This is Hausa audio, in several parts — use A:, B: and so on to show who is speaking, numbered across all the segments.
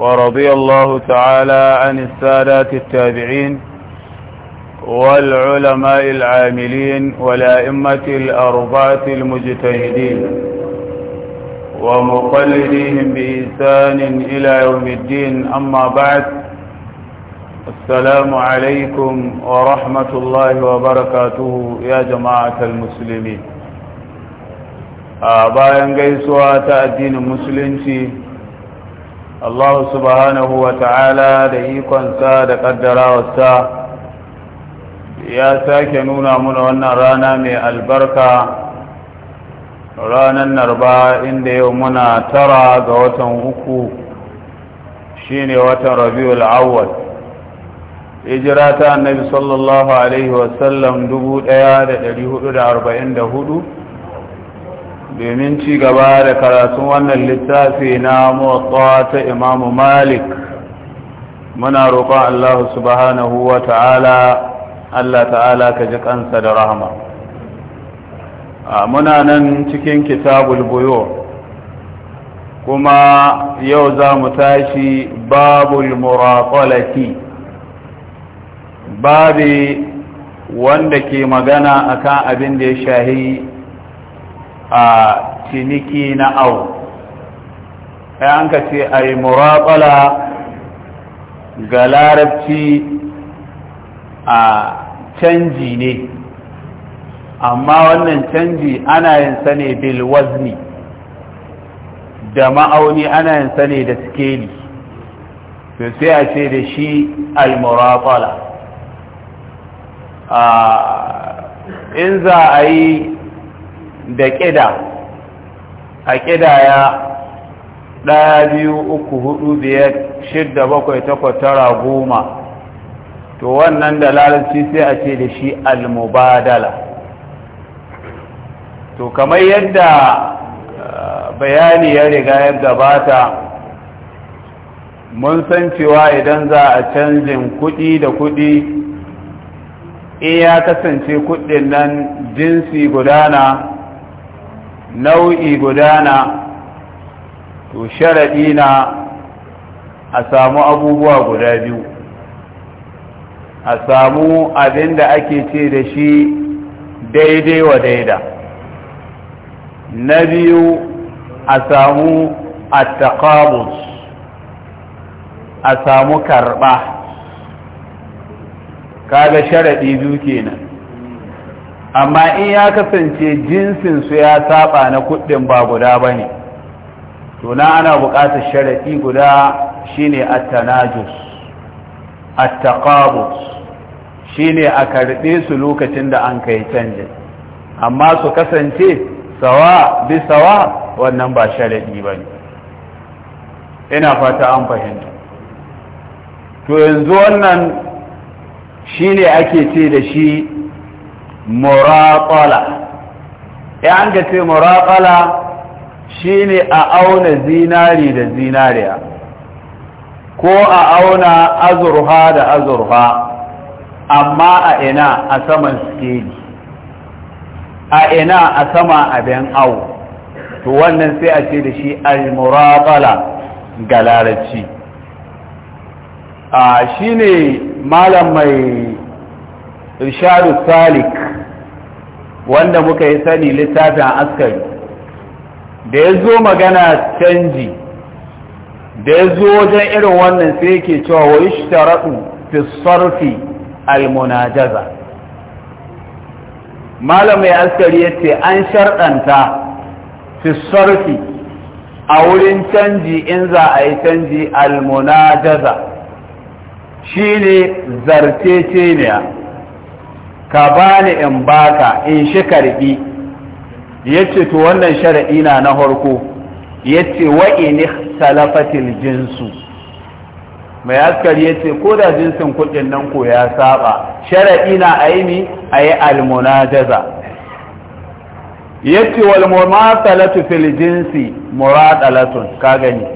A: ورضي الله تعالى عن السادات التابعين والعلماء العاملين والأئمة الأربعة المجتهدين ومقلديهم بإنسان إلى يوم الدين أما بعد السلام عليكم ورحمة الله وبركاته يا جماعة المسلمين أبا آه، ينقيسوا تأدين المسلمين Allah subhanahu wa ta'ala da ikonsa da ƙaddarawarsa ya sake nuna muna wannan rana mai albarka ranar narba inda yau muna tara ga watan uku shine watan Rabi'u awwal hijira ta annabi sallallahu alaihi wasallam 1444 domin ci gaba da karatun wannan littafi na motsa ta imamu malik muna roƙon Allah subhanahu wa ta'ala Allah ta'ala ka ji kansa da rahama muna nan cikin kitabul buyo kuma yau za mu tashi babul muraƙolaki babi wanda ke magana akan abin da ya shahi a ciniki na au sai an ka ce a yi muraƙala ga larabci a canji ne amma wannan canji ana yin sane bil da ma'auni ana yin sane da skeli to sai a ce da shi al-muraqala in za a yi da ƙida a ƙidaya ɗaya biyu uku hudu biyar shidda bakwai takwas tara goma to wannan da larabci sai a ce da shi almubadala to kamar yadda uh, bayani ya riga ya gabata mun san cewa idan za a canjin kuɗi da kuɗi in ya kasance kuɗin nan jinsi gudana nau'i gudana to sharaɗi na a samu abubuwa guda biyu a samu abin da ake ce da shi daidai wa daida na biyu a samu attakabus a samu karɓa kaga sharaɗi biyu kenan amma in ya kasance jinsin su ya saba na kuɗin ba guda bane to na ana buƙatar sharaɗi guda shine at-tanajus at-taqabus shine a karɓe su lokacin da an kai canji amma su kasance sawa bi sawa wannan ba sharaɗi bane ina fata an fahimta to yanzu wannan shine ake ce da shi muraƙala ya eh, an ga ce muraƙala shi a auna zinari da zinariya ko a auna azurha da azurha amma a ina a saman skeli a ina a sama abin au to wannan sai a ce da shi al-muraqala ga larabci a ah, shine malam mai irshadu salik wanda muka yi sani littafin askari da ya zo magana canji da ya zo wajen irin wannan sai yake cewa wa ishtaratu fi sarfi almunajaza malam mai askari yace an sharɗanta fi sarfi a wurin canji in za a yi canji almunajaza shine zarteceniya ka bani in baka in shi karbi yace to wannan shar'i na na harko yace wa in salafatil jinsu mai askari yace ko da jinsin kudin nan ko ya saba shar'i na aimi ayi almunajaza yace wal mumathalatu fil jinsi muradalatun ka gani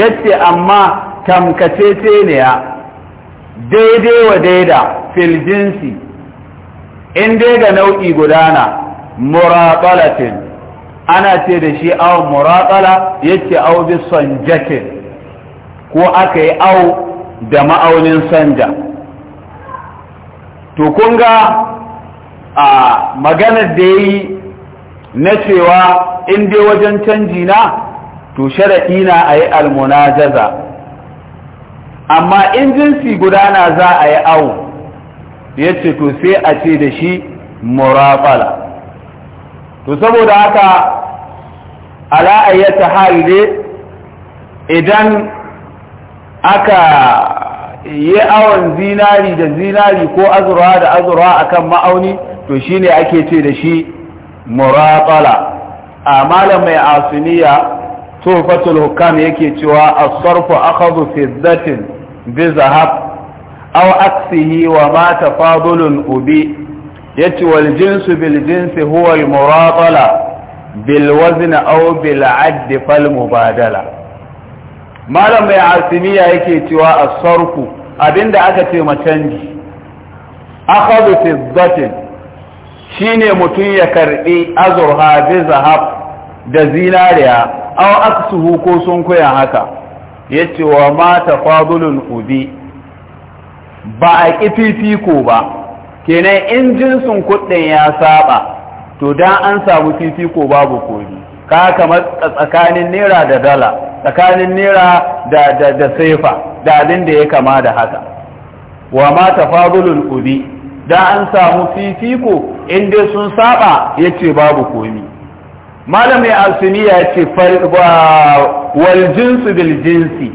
A: yace amma tamkace ne ya daidai wa daida fil jinsi in dai ga nau'i gudana muraqalatin ana ce da shi aw muraqala yace aw bi ko aka yi aw da ma'aunin sanja to kun ga a maganar da yi na cewa in dai wajen canji na to sharaɗi na a yi almunajaza amma in jinsi gudana za a yi awo ya ce to sai a ce da shi murafala to saboda haka ala'ayyata hali ne idan aka yi awon zinari da zinari ko azurwa da azurwa kan ma'auni to shine ake ce da shi muraqala a malam mai asuniya tuhfatul hukam yake cewa asarfu sarfu akhadhu fiddatin bi zahab aw aksihi wa ma tafadulun ubi yace wal jinsu bil jinsi huwa al muratala bil wazn aw bil add fal mubadala malam mai asimiya yake cewa as abinda aka ce ma canji akhadhu fiddatin shine mutun ya karbi azurha bi zahab da zinariya aw aksuhu ko sun koya haka yace wa ma fadulun ubi ba a fifiko ba kenan in sun kuɗin ya saba to dan an samu fifiko babu kodi ka kamar tsakanin naira da dala tsakanin naira da da da saifa da abin da ya kama da haka wa ma fadulun ubi da an samu fifiko in dai sun saba yace babu komi malam mai alsimiya ya ce wal jinsu bil jinsi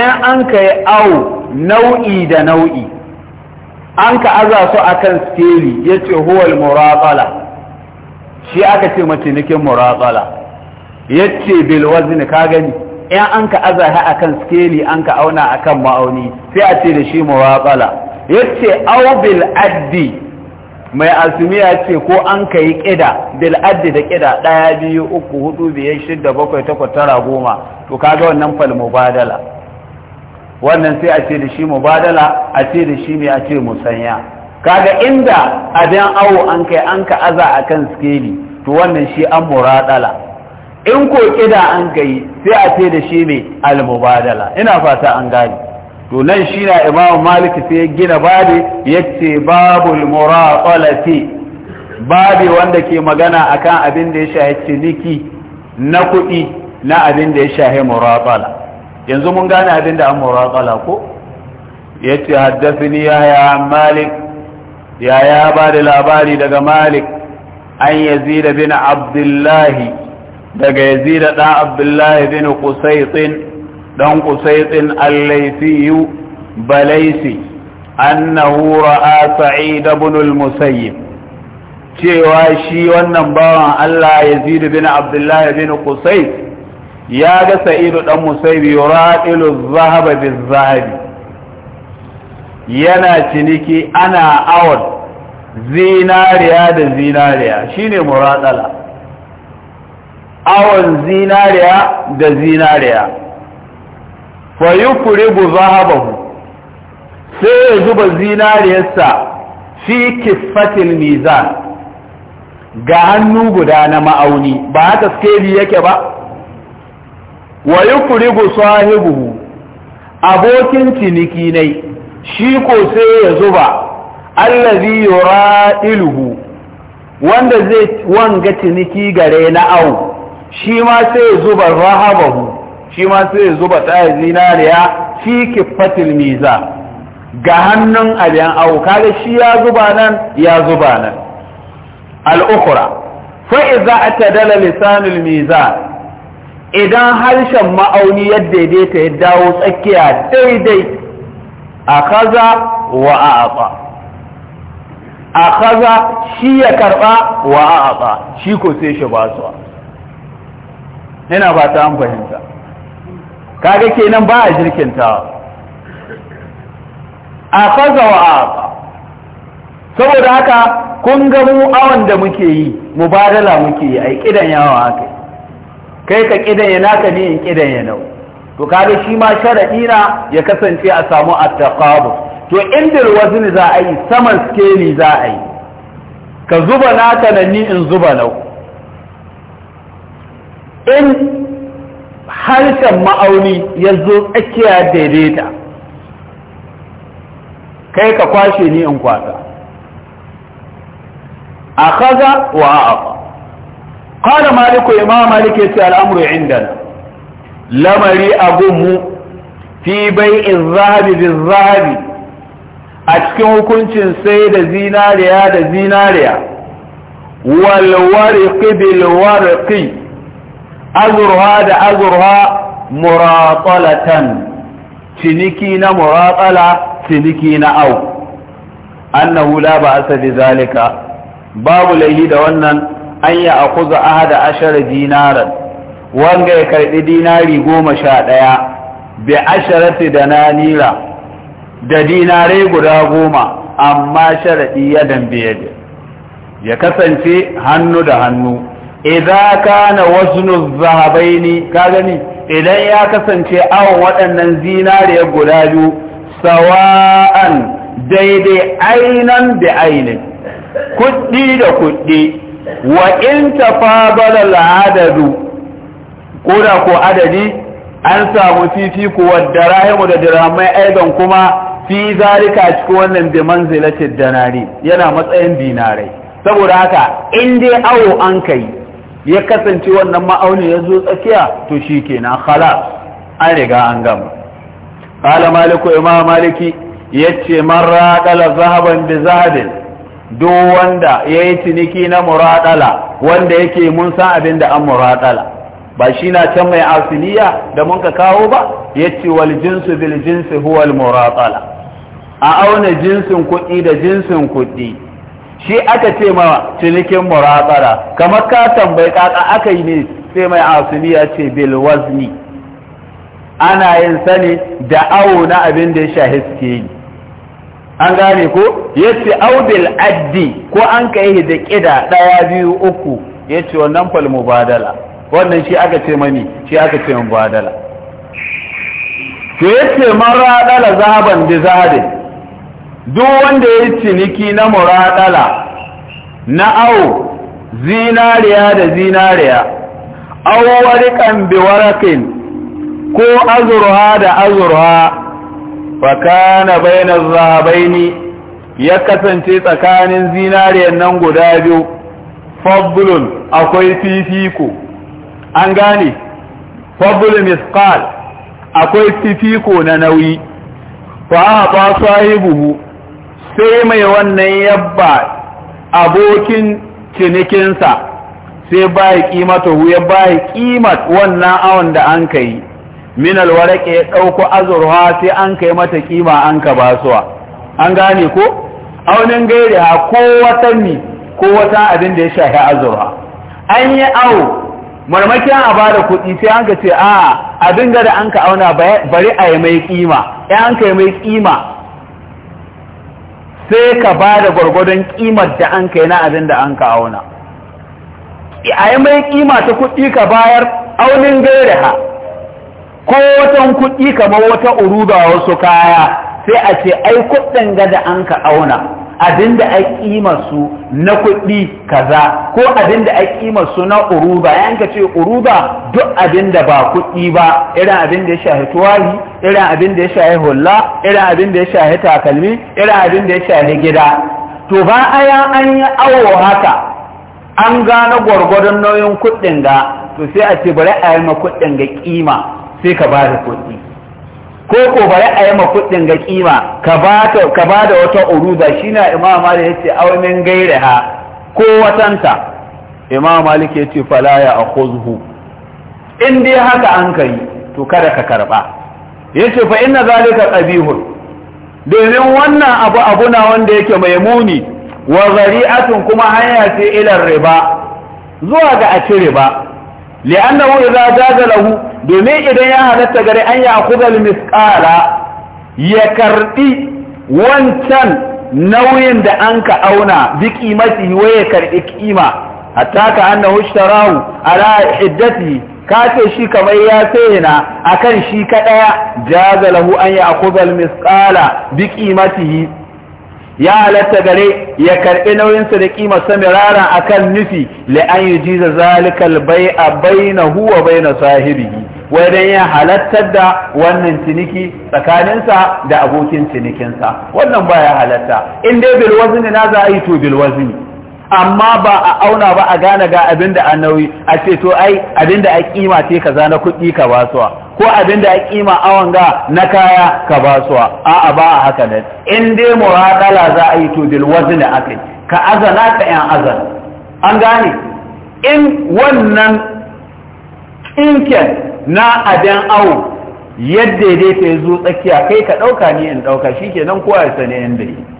A: in an ka yi au nau'i da nau'i an ka aza su kan steli ya ce huwal Muratsala, shi aka ce mace nikin Muratsala, ya ce bil ka gani in an ka aza ha kan steli an ka auna a kan ma'auni sai a ce da shi Muratsala, ya ce au bil addi mai asimiya ce ko an ka yi ƙida bil'addi da ƙida ɗaya biyu uku hudu biyar shidda bakwai takwas tara goma to kaga wannan fal mubadala wannan sai a ce da shi mubadala a ce da shi mai a ce musanya kaga inda abin awo an kai an ka aza a kan skeli to wannan shi an muradala in ko ƙida an kai sai a ce da shi mai al mubadala ina fata an gani to nan shi na imamu maliki sai gina babi ya ce babul muraqalati babi wanda ke magana akan abin da ya shahi ciniki na kuɗi na abin da ya shahi muraqala yanzu mun gane abin da an muraqala ko ya ce haddasini ya ya malik ya ya ba da labari daga malik an yazida bin abdullahi daga yazida ɗan abdullahi bin kusaitin dan qusaytin al-laythi balaisi annahu ra'a sa'id ibn cewa shi wannan bawan Allah Yazid bin Abdullah bin Qusayt ya ga Sa'idu dan Musayyib yuradilu adh-dhahaba zahabi yana ciniki ana awad zinariya da zinariya shine muradala awon zinariya da zinariya fa zahabahu sai ya zuba zinariyarsa fi kiffatil mizan ga hannu guda na ma'auni ba haka skeli yake ba wa sahibuhu abokin ciniki ne shi ko sai ya zuba allazi yura'iluhu wanda zai wanga ciniki gare na au shi ma sai ya zuba rahabahu shi ma sai zuba tsaye zinariya fi kifatil miza ga hannun abin awo kaga shi ya zuba nan ya zuba nan al'ukura fa'iza ta dala lisanul miza idan harshen ma'auni ya daidaita ya dawo tsakiya daidai a kaza wa a a kaza shi ya karba wa a shi ko sai shi ba su Ina ba ta an fahimta kaga kenan ba a jirkinta a faza wa saboda haka kun ga mu awon da muke yi mubadala muke yi ai kidan yawa haka kai ka kidan ya naka ne in kidan ya nau to kaga shi ma sharadi na ya kasance a samu at to inda wazni za a yi saman skeli za a yi ka zuba naka nan ni in zuba nau in harshen ma'auni ya zo tsakiya daidaita kai ka kwashe ni in kwasa a kaza wa a'afa qala maliku imam malik ce al'amuru inda lamari agunmu fi bai'in zahabi bil zahabi a cikin hukuncin sai da zinariya da zinariya wal warqi azurha da azurha muratalatan ciniki na muratala ciniki na au annahu la ba bi zalika babu laihi da wannan an ya akuza ahada ashara dinaran wanga ya karbi dinari goma sha ɗaya bi asharati da nanira da dinarai guda goma amma sharaɗi ya dambe ya kasance hannu da hannu idza kana waznu zahabaini ka gani idan ya kasance awon waɗannan zinariya guda biyu sawa'an daidai ainan da ainin kuɗi da kuɗi wa in tafadala al'adadu ko da ko adadi an samu fifiko wa darahimu da dirhamai aidan kuma fi zalika cikin wannan bi manzilatid danari yana matsayin dinarai saboda haka in dai awo an kai ya kasance wannan ma'aunin ya zo tsakiya to shi kenan khalas an riga an gama ƙala maliku imam maliki yace man raɗala zahaban bi zahabin duk wanda ya yi ciniki na muradala wanda yake mun san abin da an muradala ba shi na can mai asiliya da mun ka kawo ba Ya ce wal jinsu bil jinsu huwal muraɗala a auna jinsin kuɗi da jinsin kuɗi shi aka ce ma cinikin murabara kamar ka tambayi kaka aka yi ne sai mai asumi ya ce bil wazni ana yin sani da awo na abin da ya shahi suke yi an gane ko ya au bil addi ko an kai da ƙida ɗaya biyu uku ya ce wannan fal mubadala wannan shi aka ce mani shi aka ce mubadala to yace maradala zaben zahaban bi zahabin duk wanda ya ciniki na muradala na au zinariya da zinariya au warikan warakin ko azurha da azurha kana bayna zahabaini ya kasance tsakanin zinariyan nan guda biyu fadlun akwai fifiko an gane fadlun misqal akwai fifiko na nauyi fa ba sahibu sai mai wannan yabba abokin cinikinsa sai ba baya kimata ya ya kimat wannan awon da an ka yi min alwarake ya ɗauko azurwa sai an kai mata kima an ka basuwa an gane ko aunin gairi ha ko watanni ko wata abin da ya shafi azurwa an yi awo Marmaki a bada da kuɗi sai an ka ce a abin da an ka auna bari a yi mai kima ya an ka mai kima sai ka ba da gwargwadon kimar da an kai na abin da an ka auna a yi mai kima ta kuɗi ka bayar aunin gaira ha ko watan kuɗi kamar wata uruba wasu kaya sai a ce ai kuɗin ga da an ka auna abinda a kima su na kuɗi kaza ko abinda a kima su na uruba yan ka ce uruba duk abin da ba kuɗi ba irin abin da ya shahi tuwari irin abin da ya shahi hulla irin abin da ya shahi takalmi irin abin da ya shahi gida to ba aya an yi awo haka an gane gwargwadon nauyin kuɗin ga to sai a ce bari a yi ma kuɗin ga kima sai ka ba da kuɗi ko ko bari a yi kuɗin ga kima ka ba da wata uruda shi na imam malik ya ce aunin gaire ha ko watanta imam malik ya ce fala ya akhuzhu in dai haka an kai to kada ka karba yace fa inna zalika qabihun domin wannan abu abu na wanda yake mai muni wa zari'atun kuma hanya ce ilar riba zuwa ga a cire ba. li'annahu idza jaza lahu domin idan ya halatta gari an ya akhudha al ya karbi wancan nauyin da an ka auna bi kimati wa ya karbi kima hatta ka annahu ishtarahu ala hiddati ka ce shi kamar ya sayina akan shi kadaya jaza lahu an ya akhudha al-misqala bi qimatihi ya halatta gare ya karɓi nauyin sa da kima samirara akan nufi la an yujiza zalikal bai'a bainahu wa baina sahibihi wai dan ya halartar da wannan ciniki tsakaninsa da abokin cinikinsa wannan baya halatta in dai bil na za a yi to bil amma ba a auna ba a gane ga abin da a nauyi a ce to ai abin da a kima ce ka zana kuɗi ka ba suwa ko abin da a kima awon ga na kaya ka ba a 'a ba a haka nan in dai muradala za a yi to dil wazni akai ka azana ka yan azan. an gane in wannan tsinken na abin awo yadda ya dai ta zo tsakiya kai ka ɗauka ni in ɗauka shi shikenan kowa ya sani inda yi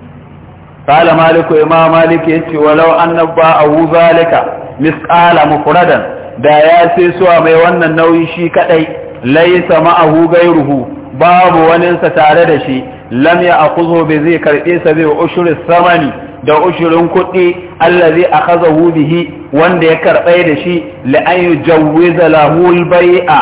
A: qala maliku imam malik yace walau annaba abu zalika misqala mufradan da ya sai suwa mai wannan nauyi shi kadai laysa ma'ahu gairuhu babu waninsa tare da shi lamya a kuzo bai zai karɓe sa bai ushurin samani da ushurin kuɗi allazi akhazahu bihi wanda ya karɓe da shi la'an yujawwiza lahu bai'a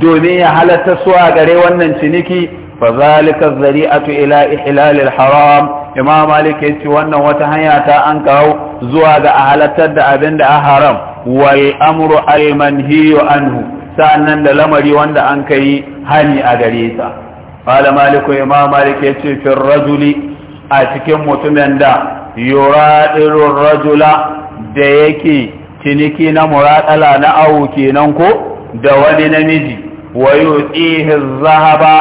A: domin ya halarta su a gare wannan ciniki fa zalika zari'atu ila ihlalil haram imam malik ya ce wannan wata hanya ta an kawo zuwa ga a halattar da abin da a haram wal amru al manhiyu anhu sa'annan da lamari wanda an kai hani a gare sa qala malik imam malik ya ce fi rajuli a cikin mutumin da yuradiru rajula da yake ciniki na muradala na awu kenan ko da wani namiji wa yutihi zahaba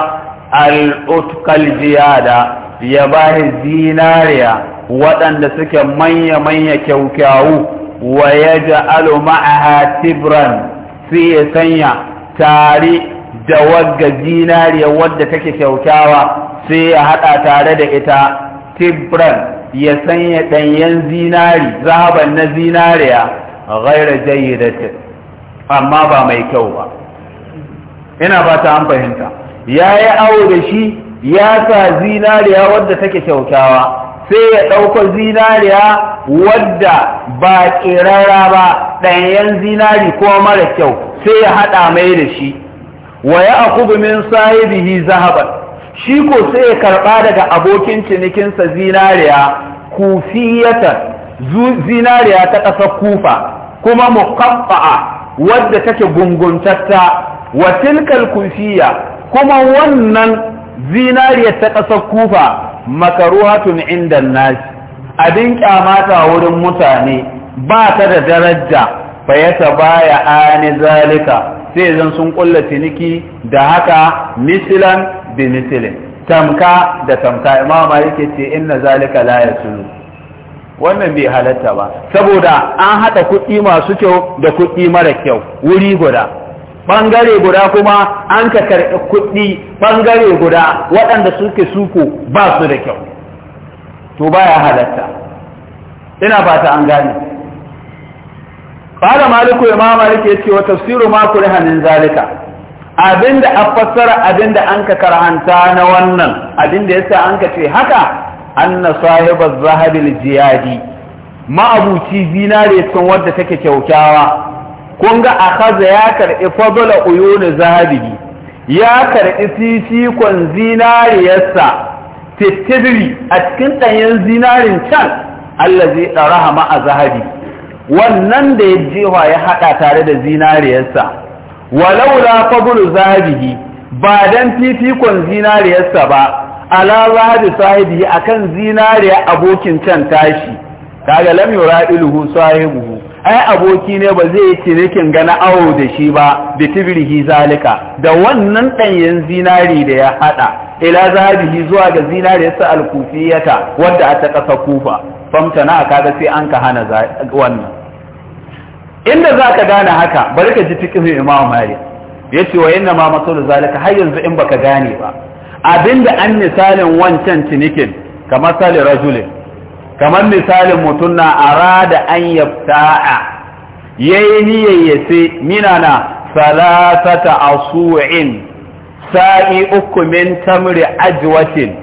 A: al utqal ziyada ya shi zinariya waɗanda suke manya-manya kyaukyawu wa ya ja'alu ma'aha tibran sai ya sanya tare da wagga zinariya wadda take kyaukyawa sai ya haɗa tare da ita tibran ya sanya ɗanyen zinari zahaban na zinariya ghaira jayyidatin amma ba mai kyau ba ina ba ta an fahimta ya yi awo da shi ya sa zinariya wadda take kyautawa sai ya ɗauko zinariya wadda ba ƙerara ba ɗanyen zinari ko mara kyau sai ya haɗa mai da shi wa ya akubu min sahibihi zahaban shi ko sai ya karɓa daga abokin cinikinsa zinariya kufiyata zinariya ta ƙasar kufa kuma muƙaffa'a wadda take gunguntatta wa tilkal kufiya kuma wannan zinariyar ta ƙasar kufa makaruhatun inda nasi abin kyamata wurin mutane ba ta da daraja fa ya baya ani zalika sai zan sun ƙulla ciniki da haka misilan bi misilin tamka da tamka imam yake ce inna zalika la yasulu wannan bai halatta ba saboda an haɗa kuɗi masu kyau da kuɗi mara kyau wuri guda bangare guda kuma an ka karɓi kuɗi ɓangare guda waɗanda suke suko ba su da kyau to baya halatta ina fata an gane fara maliku ya mamalik ya ce wa tafsiru ma kuri hannun zalika abinda a fassara abinda an ka karhanta na wannan abinda yasa an ka ce haka anna sahiba zahabil jiyadi ma'abuci zinare sun wadda take kyaukyawa kun ga akhadha ya karɓi fadla uyuni zahabi ya karɓi fifikon zinariyarsa fitibri a cikin ɗanyen zinarin can Allah zai ɗara hama a zahabi wannan da ya jewa ya haɗa tare da zinariyarsa Walau la fadlu zahabi ba dan fifikon zinariyarsa ba ala zahabi sahibi akan zinariya abokin can tashi kaga lam yuradiluhu sahibuhu ai aboki ne ba zai yi cinikin gana awo da shi ba da tibirhi zalika da wannan ɗanyen zinari da ya haɗa ila zahabihi zuwa ga zinari yasa alkufiyata wadda a ta ƙasa kufa famta na ga sai an ka hana wannan inda za ka gane haka bari ka ji fiqhin imam ya yace wa inna ma masul zalika har yanzu in baka gane ba abinda an misalin wancan cinikin kamar sali rajulin kamar misalin mutum na arada an yafta'a yayi niyayyace minana salasata asu'in sa'i uku min tamri ajwatin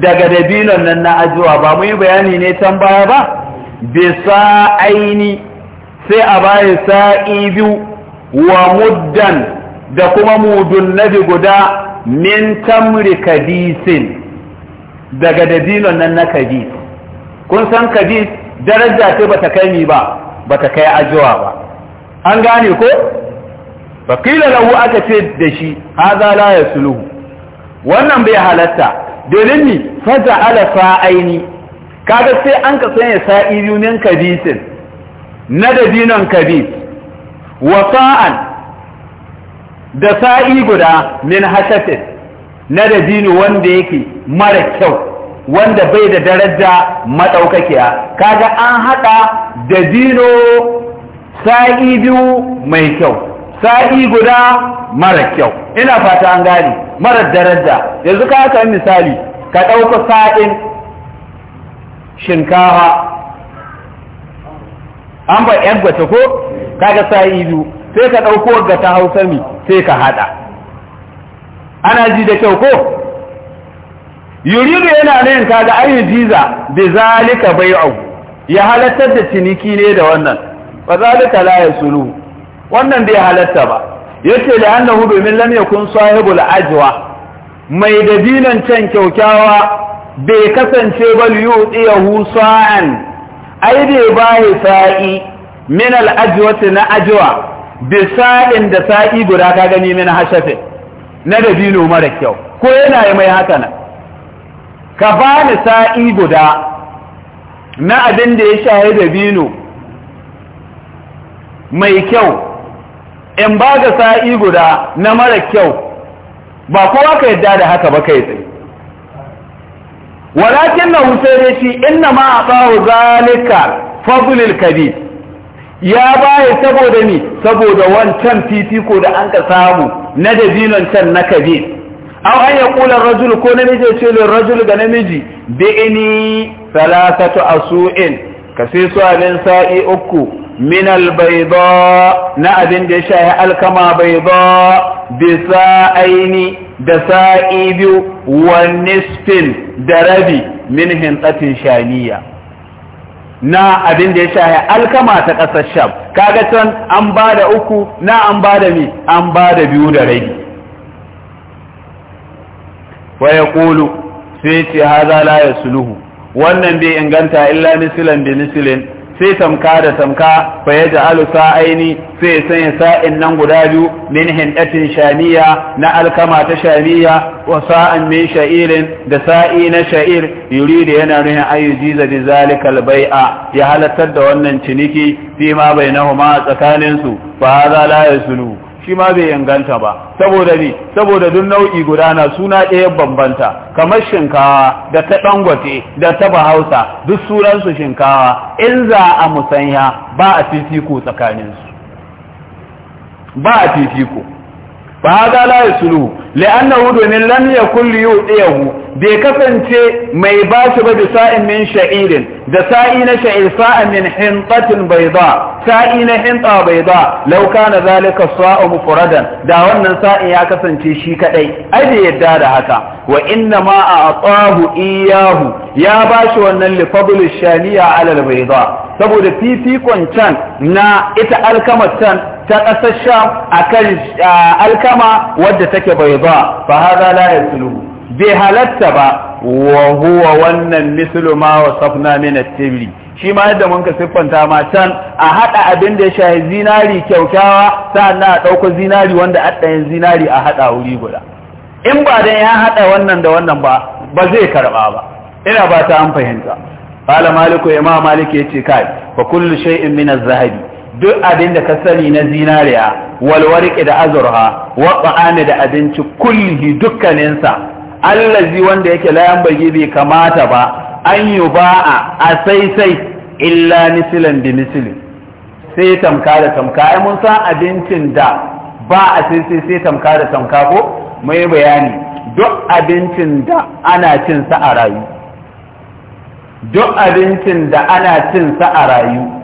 A: daga dabinon nan na ajwa ba mu yi bayani ne can baya ba bi sa'aini sai a bayi sa'i biyu wa muddan da kuma mudun nabi guda min tamri kadisin daga dabinon nan na kadis kun san kabis daraja ce bata kai ni ba bata kai ajuwa ba an gane ko fakila lahu aka ce da shi haza la yasluhu wannan bai halatta dalil ni faja ala fa'aini kaga sai an ka sanya sa'i yunin kadisin kabisin na da dinan kadis wa sa'an da sa'i guda min hasatin na da dinu wanda yake mara kyau wanda bai da daraja madaukakiya kaga an haɗa da dino sa'i biyu mai kyau sa'i guda mara kyau ina fata an gani, mara daraja yanzu ka haka misali ka ɗauka sa'in shinkafa an ba yan gwata ko kaga sa'i biyu sai ka ɗauko ga ta hausa sai ka haɗa, ana ji da kyau ko yuridu yana nan kaga ayi jiza bi zalika bai'u ya halatta da ciniki ne da wannan fa zalika la yasulu wannan bai halatta ba yace da annahu domin lam yakun sahibul ajwa mai da dinan can kyaukyawa bai kasance bal yudiyahu sa'an ai bai bai sa'i min al ajwati na ajwa bi sa'in da sa'i guda ka gani min hashafe na da dabino mara kyau ko yana mai haka nan ka bani sa'i guda na abin da ya shaye da bino mai kyau in ba ga sa'i guda na mara kyau ba kowa ka yadda da haka ba kai tsaye walakin na hussein ya ce inna ma a tsawo zalika fabulil kabi ya baya saboda ni saboda wancan fifiko da an ka samu na dabinon can na kabi aw an yaqula ar-rajulu ko namiji ya ce lil rajul ga namiji bi a thalathatu asu'in ka sai su abin sa'i uku min al-bayda na abin da ya shahi alkama bayda bi sa'aini da sa'i biyu wa nisfin da rabi min hintatin shaniya na abin da ya shahi alkama ta ƙasar sham kaga can an bada uku na an bada mi an ba da biyu da rabi wa ya kulu sai ce haza la suluhu wannan bai inganta illa misilan bi sai tamka da tamka fa ya ja'alu sa'aini sai sanya sa'in nan guda biyu min hindatin shamiya na alkama ta shamiya wa sa'an min sha'irin da sa'i na sha'ir yuridu yana nuhin ayyujiza bi zalikal bai'a ya halattar da wannan ciniki fi ma bainahuma tsakanin su fa hadha la yasulu shi ma bai inganta ba saboda ne saboda duk nau'i gudana, suna ɗaya bambanta kamar shinkawa da ta ɗangwate da ta bahausa duk sunansu shinkawa in za a musanya ba a fifiko tsakaninsu ba a fifiko ba hada la yasulu li'annahu domin lam yakul yu'tiyahu bai kasance mai bashi ba sa'in min sha'irin da sa'i na sha'ir sa'a min hintatin bayda sa'i na hinta bayda law kana zalika sa'u mufradan da wannan sa'i ya kasance shi kadai ai da yadda da haka wa inna ma a'tahu iyahu ya bashi wannan li fadl shaniya ala al bayda saboda fifikon can na ita alkamatan can ta ƙasar sham kan ah, alkama wadda take bai ba fa haza la yasulu bai halatta ba wa huwa wannan mislu ma wasafna min at-tibri shi ma yadda mun ka siffanta ma can a hada abin da ya shahi zinari kyaukyawa sannan a ɗauko zinari wanda a zinari a hada wuri guda in ba dan ya hada wannan da wannan ba ba zai karba ba ina ba ta an fahimta qala maliku imam maliki yace kai fa kullu shay'in min az-zahabi duk abin da ka sani na zinariya walwarki da azurha wa ba'ani da abinci kulli dukkaninsa allazi wanda yake layan bagi bai kamata ba an yi ba'a a sai sai illa misilan bi misilin sai tamka da tamka ai mun san abincin da ba a sai sai sai tamka da tamka ko mai bayani duk abincin da ana cin sa a rayu duk abincin da ana cin sa a rayu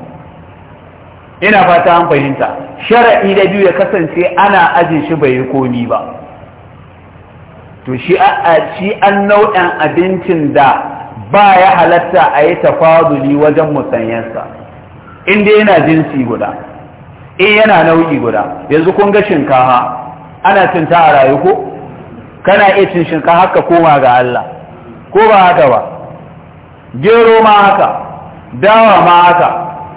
A: ina fata an fahimta shara'i da biyu ya kasance ana ajin shi bai yi komi ba to shi an nau'in abincin da ba ya halatta a yi tafaduli wajen musanyensa inda yana jinsi guda in yana nau'i guda yanzu kun ga shinkafa ana cin ta a rayu ko kana iya cin shinkafa haka koma ga Allah ko ba haka ba gero ma haka dawa ma haka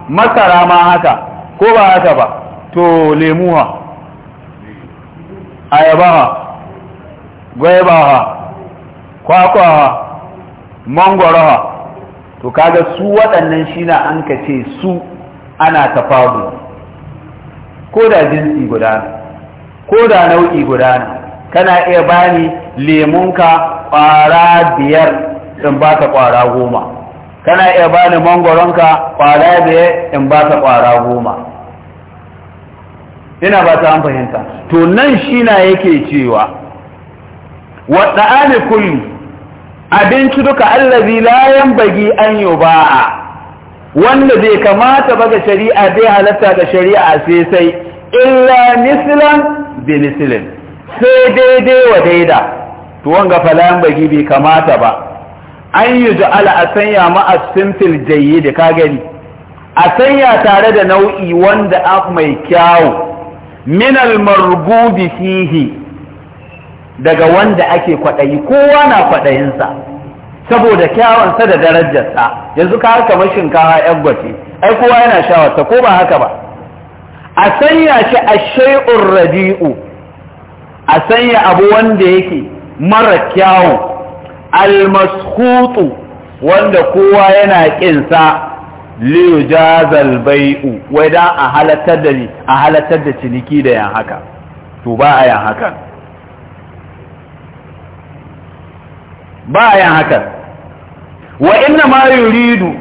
A: masara ma haka ko ba haka ba to lemuha ayabaha gwaibaha kwakwaha mangwaraha to kaga su waɗannan shi na an ce su ana tafaru ko da jinsi guda ko da nau'i guda kana iya bani lemunka ƙwara biyar in ba ta ƙwara goma kana iya bani mangoronka ƙwara biyar in ba ta ƙwara goma ina ba ta an fahimta to nan shi na yake cewa wa da'ani kulli abinci duka allazi la bagi an yuba'a wanda bai kamata ba ga shari'a bai halatta ga shari'a sai sai illa nislan bi nislin sai daidai wa daida to wanga fa falan bagi bai kamata ba an yi ja'ala a sanya ma a simfil jayyid ka gani a sanya tare da nau'i wanda af mai kyawu minal margubi fihi daga wanda ake kwaɗayi kowa na kwaɗayinsa saboda kyawansa da darajarsa yanzu ka haka shinkawa yan gwace ai kowa yana shawarta ko ba haka ba a sanya shi a shai'ur radi'u a sanya abu wanda yake mara kyawun almaskutu wanda kowa yana ƙinsa liyujazal bai'u wai da a da a halatar da ciniki da yan haka to ba a yan haka ba a yan haka wa inna ma yuridu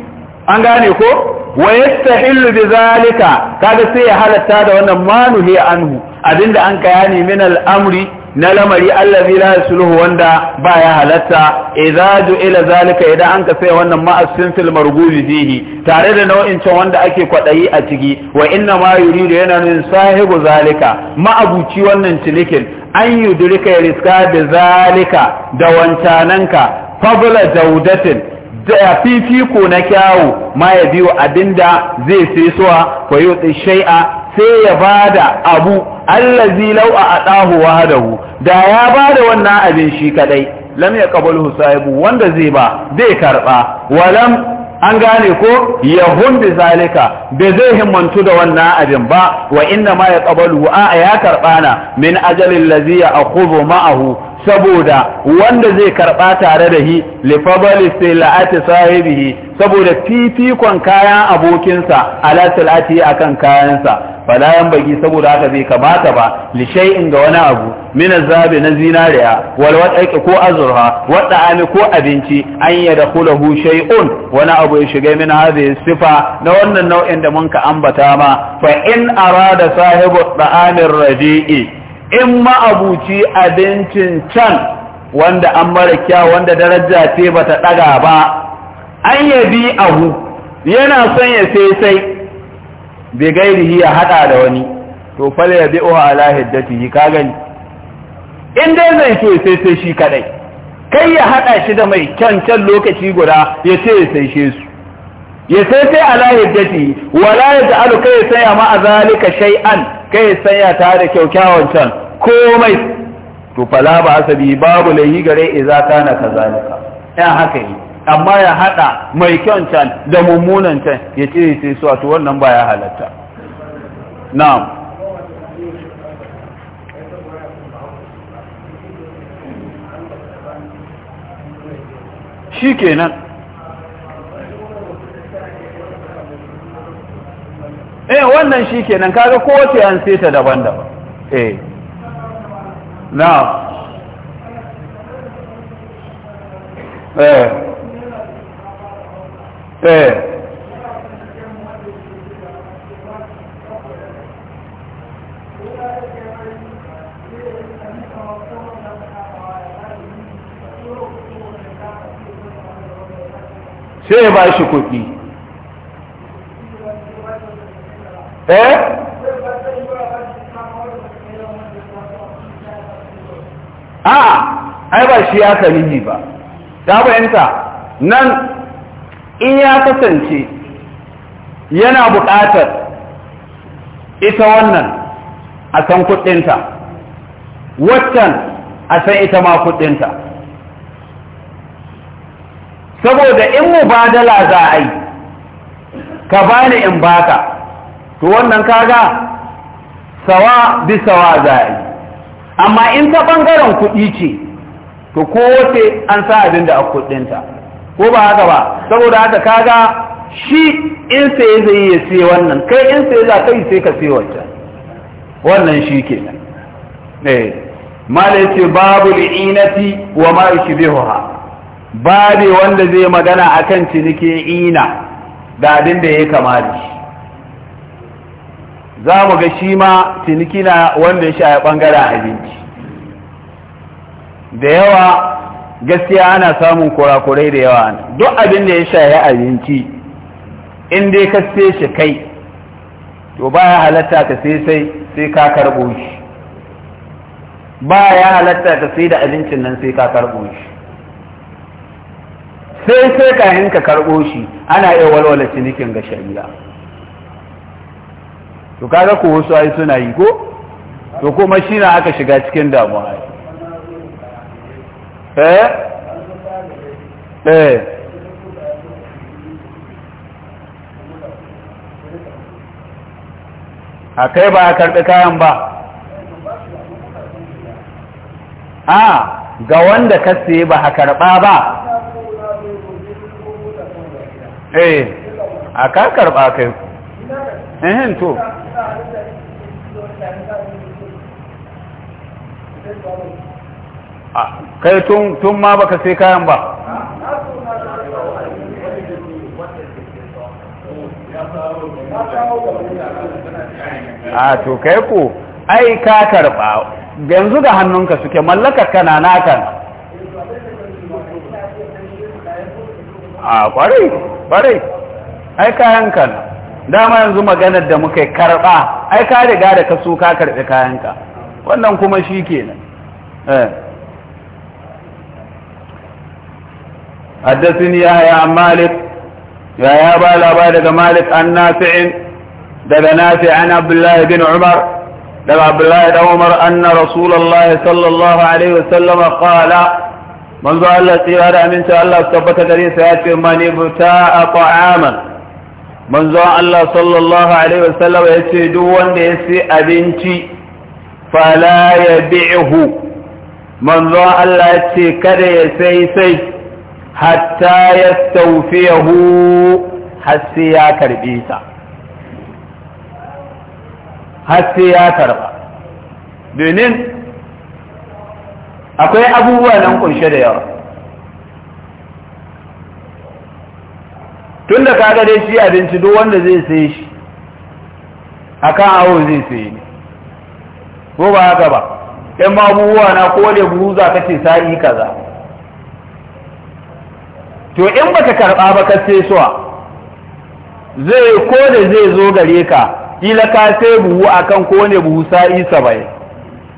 A: an gane ko wa yastahillu bi zalika kaga sai ya halatta da wannan manuhi anhu abinda an kayani min al-amri na lamari allazi la yasluhu wanda ya halatta idza ila zalika idan anka ka sai wannan ma'asin fil margubi fihi tare da nau'in can wanda ake kwadayi a ciki wa inna ma yuridu yana nun sahibu zalika ma'abuci wannan cinikin an yudrika ya riska da zalika da wancananka fabla jaudatin da fifiko na kyawu ma ya biyo abinda zai sai suwa fa yi shai'a sai ya bada abu allazi law a adahu wahadahu da ya bada wannan abin shi kadai lam yaqbalu sahibu wanda zai ba zai karba walam an gane ko yahun bi zalika da zai himmantu da wannan abin ba wa inna ma ya qabalu a ya karbana min ajalin lazi ya akhudhu ma'ahu saboda wanda zai karɓa tare da hi lifabali sai la'ati sahibihi saboda fifikon kayan abokinsa ala salati akan kayansa fala yan baki saboda haka bai kamata ba li shay'in ga wani abu min azabi na zinariya wal wadaki ko azurha wadda ami ko abinci an ya dakhulahu shay'un wani abu ya shiga min hadhihi sifa na wannan nau'in da mun ka ambata ma fa in arada sahibu da'amir radi'i in ma'abuci abincin can wanda an mara kyau wanda daraja ce ba ta ɗaga ba an yabi ahu yana son ya sai sai bai gairihi ya haɗa da wani to fal ya bi uha ala hiddatihi ka gani in dai zai so ya sai sai shi kadai kai ya haɗa shi da mai kyan can lokaci guda ya ce ya sai shi su ya sai sai ala hiddati wala ya ja'alu kai ya ma azalika shay'an kai sanya ta da kyaukyawan can komai to fala ba asabi babu laihi gare iza kana kazalika ya haka yi amma ya hada mai kyan can da mummunan can ya ce sai su to wannan ba ya halatta na'am
B: shikenan wannan shi kenan kaga kowace an sai ta
A: daban-daban eh na eh eh sai ba shi kuɗi eh a ai ba shi ya kalihi ba ta bayanta nan in ya kasance yana buƙatar ita wannan a san kuɗinta waccan a san ita ma kuɗinta saboda in mubadala za a yi ka bani in baka to wannan kaga sawa bi sawa zai amma in ta ɓangaren kuɗi ce to ko wace an sa abin da a kuɗinta ko ba haka ba saboda haka kaga shi in sai zai iya sai wannan kai in sai za ka yi sai ka sai wancan wannan shi ke nan eh, mala ce babu li'inati wa ma yushbihuha babe wanda zai magana akan ciniki ina da abin da ya kama da shi za mu ga shi ma ciniki na wanda ya shaya bangaren abinci da yawa gaskiya ana samun kurakurai da yawa duk abin da ya shaya abinci in dai ka sai shi kai to baya halatta ka sai sai sai ka karbo shi baya halatta ka sai da abincin nan sai ka karbo shi sai sai kayan ka karbo shi ana iya walwala cinikin ga shari'a to kaga ko wasu ai suna yi ko to kuma shi na aka shiga cikin damuwa eh eh a kai ba a karɓi kayan ba a ga wanda ka saye ba a karɓa ba
B: eh a ka karɓa kai ehin to
A: kai tun ma baka sai kayan ba
B: a to kai ko
A: ai ka karba yanzu ga hannunka suke mallaka kana nakan
B: a kwarai
A: kwarai ai kayan kan dama yanzu maganar da muka karba ai ka riga da ka su ka karbi kayanka wannan kuma shi kenan eh. haddasin yaya malik yaya ba labar daga malik an nafi'in daga nafi an abdullahi bin umar daga abdullahi dan umar anna rasulullahi sallallahu alaihi wasallama qala manzo Allah Allah su tabbata gare sa ya ce mani buta a ta'aman manzo Allah sallallahu alaihi wasallama yace duk wanda ya abinci fala yabi'hu manzo Allah ya ce kada ya sai sai hatta yastawfiyahu har sai ya karbe ta har sai ya karba domin akwai abubuwa nan kunshe da yawa tun da kaga dai shi abinci duk wanda zai sai shi akan awo zai sai ne ko ba haka ba ɗan abubuwa na kone buruza ka ce sa'i kaza to in baka karɓa ba ka ce suwa zai kone zai zo gare ka ila ka sai buhu a kan kone buhu sa'i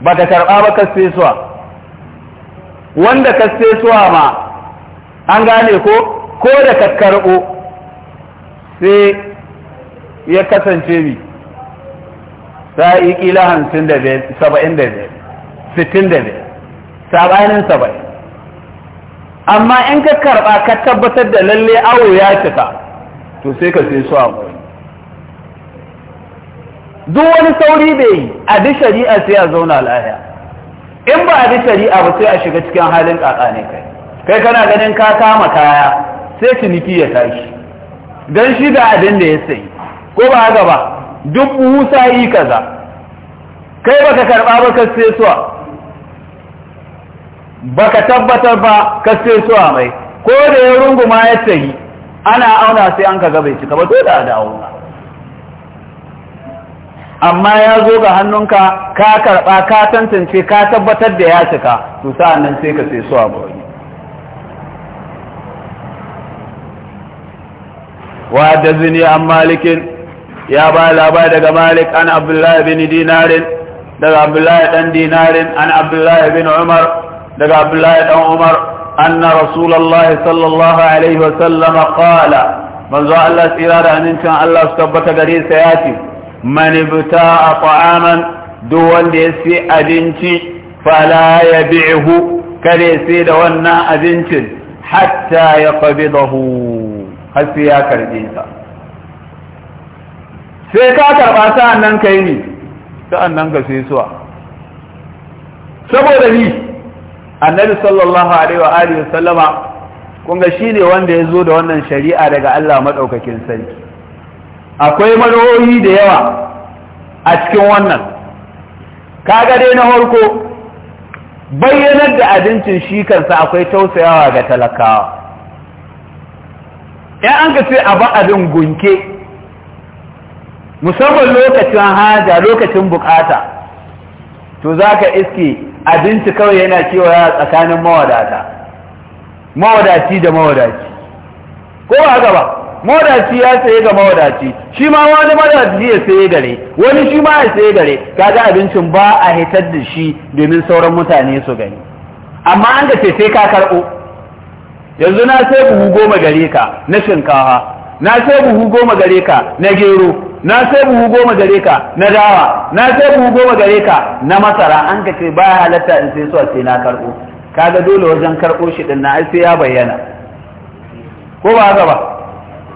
A: ba ka karɓa ba ka ce suwa wanda ka ce suwa ma an gane ko ko da ka karɓo sai ya kasance bi. sa'i kila hamsin da biyar saba'in da biyar sittin da biyar saba'in saba'in amma in ka karɓa ka tabbatar da lalle awo ya cika to sai ka sai su a duk wani sauri da yi a duk shari'a sai a zauna lahiya in ba a duk shari'a ba sai a shiga cikin halin ƙaƙa ne kai kai kana ganin ka kama kaya sai ciniki ya tashi don shi da abin da ya sayi ko ba haka ba duk musa yi kaza kai baka karba ba ka sai suwa baka tabbatar ba ka sai suwa mai ko da ya runguma ya tsayi ana auna sai an ka bai cika ba to da dawo amma ya zo ga hannunka ka karba ka tantance ka tabbatar da ya cika to sa'an nan sai ka sai suwa ba wani وحدثني an malikin? ya ba labari daga malik an abdullahi bin dinarin daga abdullahi dan dinarin an abdullahi bin umar daga abdullahi dan umar anna rasulullahi sallallahu alaihi wasallam qala manzo Allah tsira da amincin Allah su tabbata gare sa ya ce man ibta'a ta'aman duk wanda ya sai abinci fala yabi'hu kada ya sai da wannan abincin hatta ya qabidahu har sai ya karbe sa sai ka karɓa sa'an nan ka yi ne sa'an nan ka sai suwa saboda ni annabi sallallahu alaihi wa alihi wa sallama kun ga shine wanda ya zo da wannan shari'a daga Allah maɗaukakin sarki akwai manohoyi da yawa a cikin wannan kaga dai na farko bayyanar da abincin shi kansa akwai tausayawa ga talakawa in an ka ce a ba abin gunke musamman lokacin haja lokacin bukata to za ka iske abinci kawai yana cewa tsakanin mawadata mawadaci da mawadaci ko ba haka ba mawadaci ya saye ga mawadaci shi ma wani mawadaci ya saye gare wani shi ma ya saye gare kaga abincin ba a hitar da shi domin sauran mutane su gani amma an ga sai ka karɓo yanzu na sai buhu goma gare ka na shinkafa na sai buhu goma gare ka na gero na sai buhu goma gare ka na dawa na sai buhu goma gare ka na masara an ka ce baya halatta in sai suwa sai na karɓo kaga dole wajen karɓo shi din na sai ya bayyana ko ba haka ba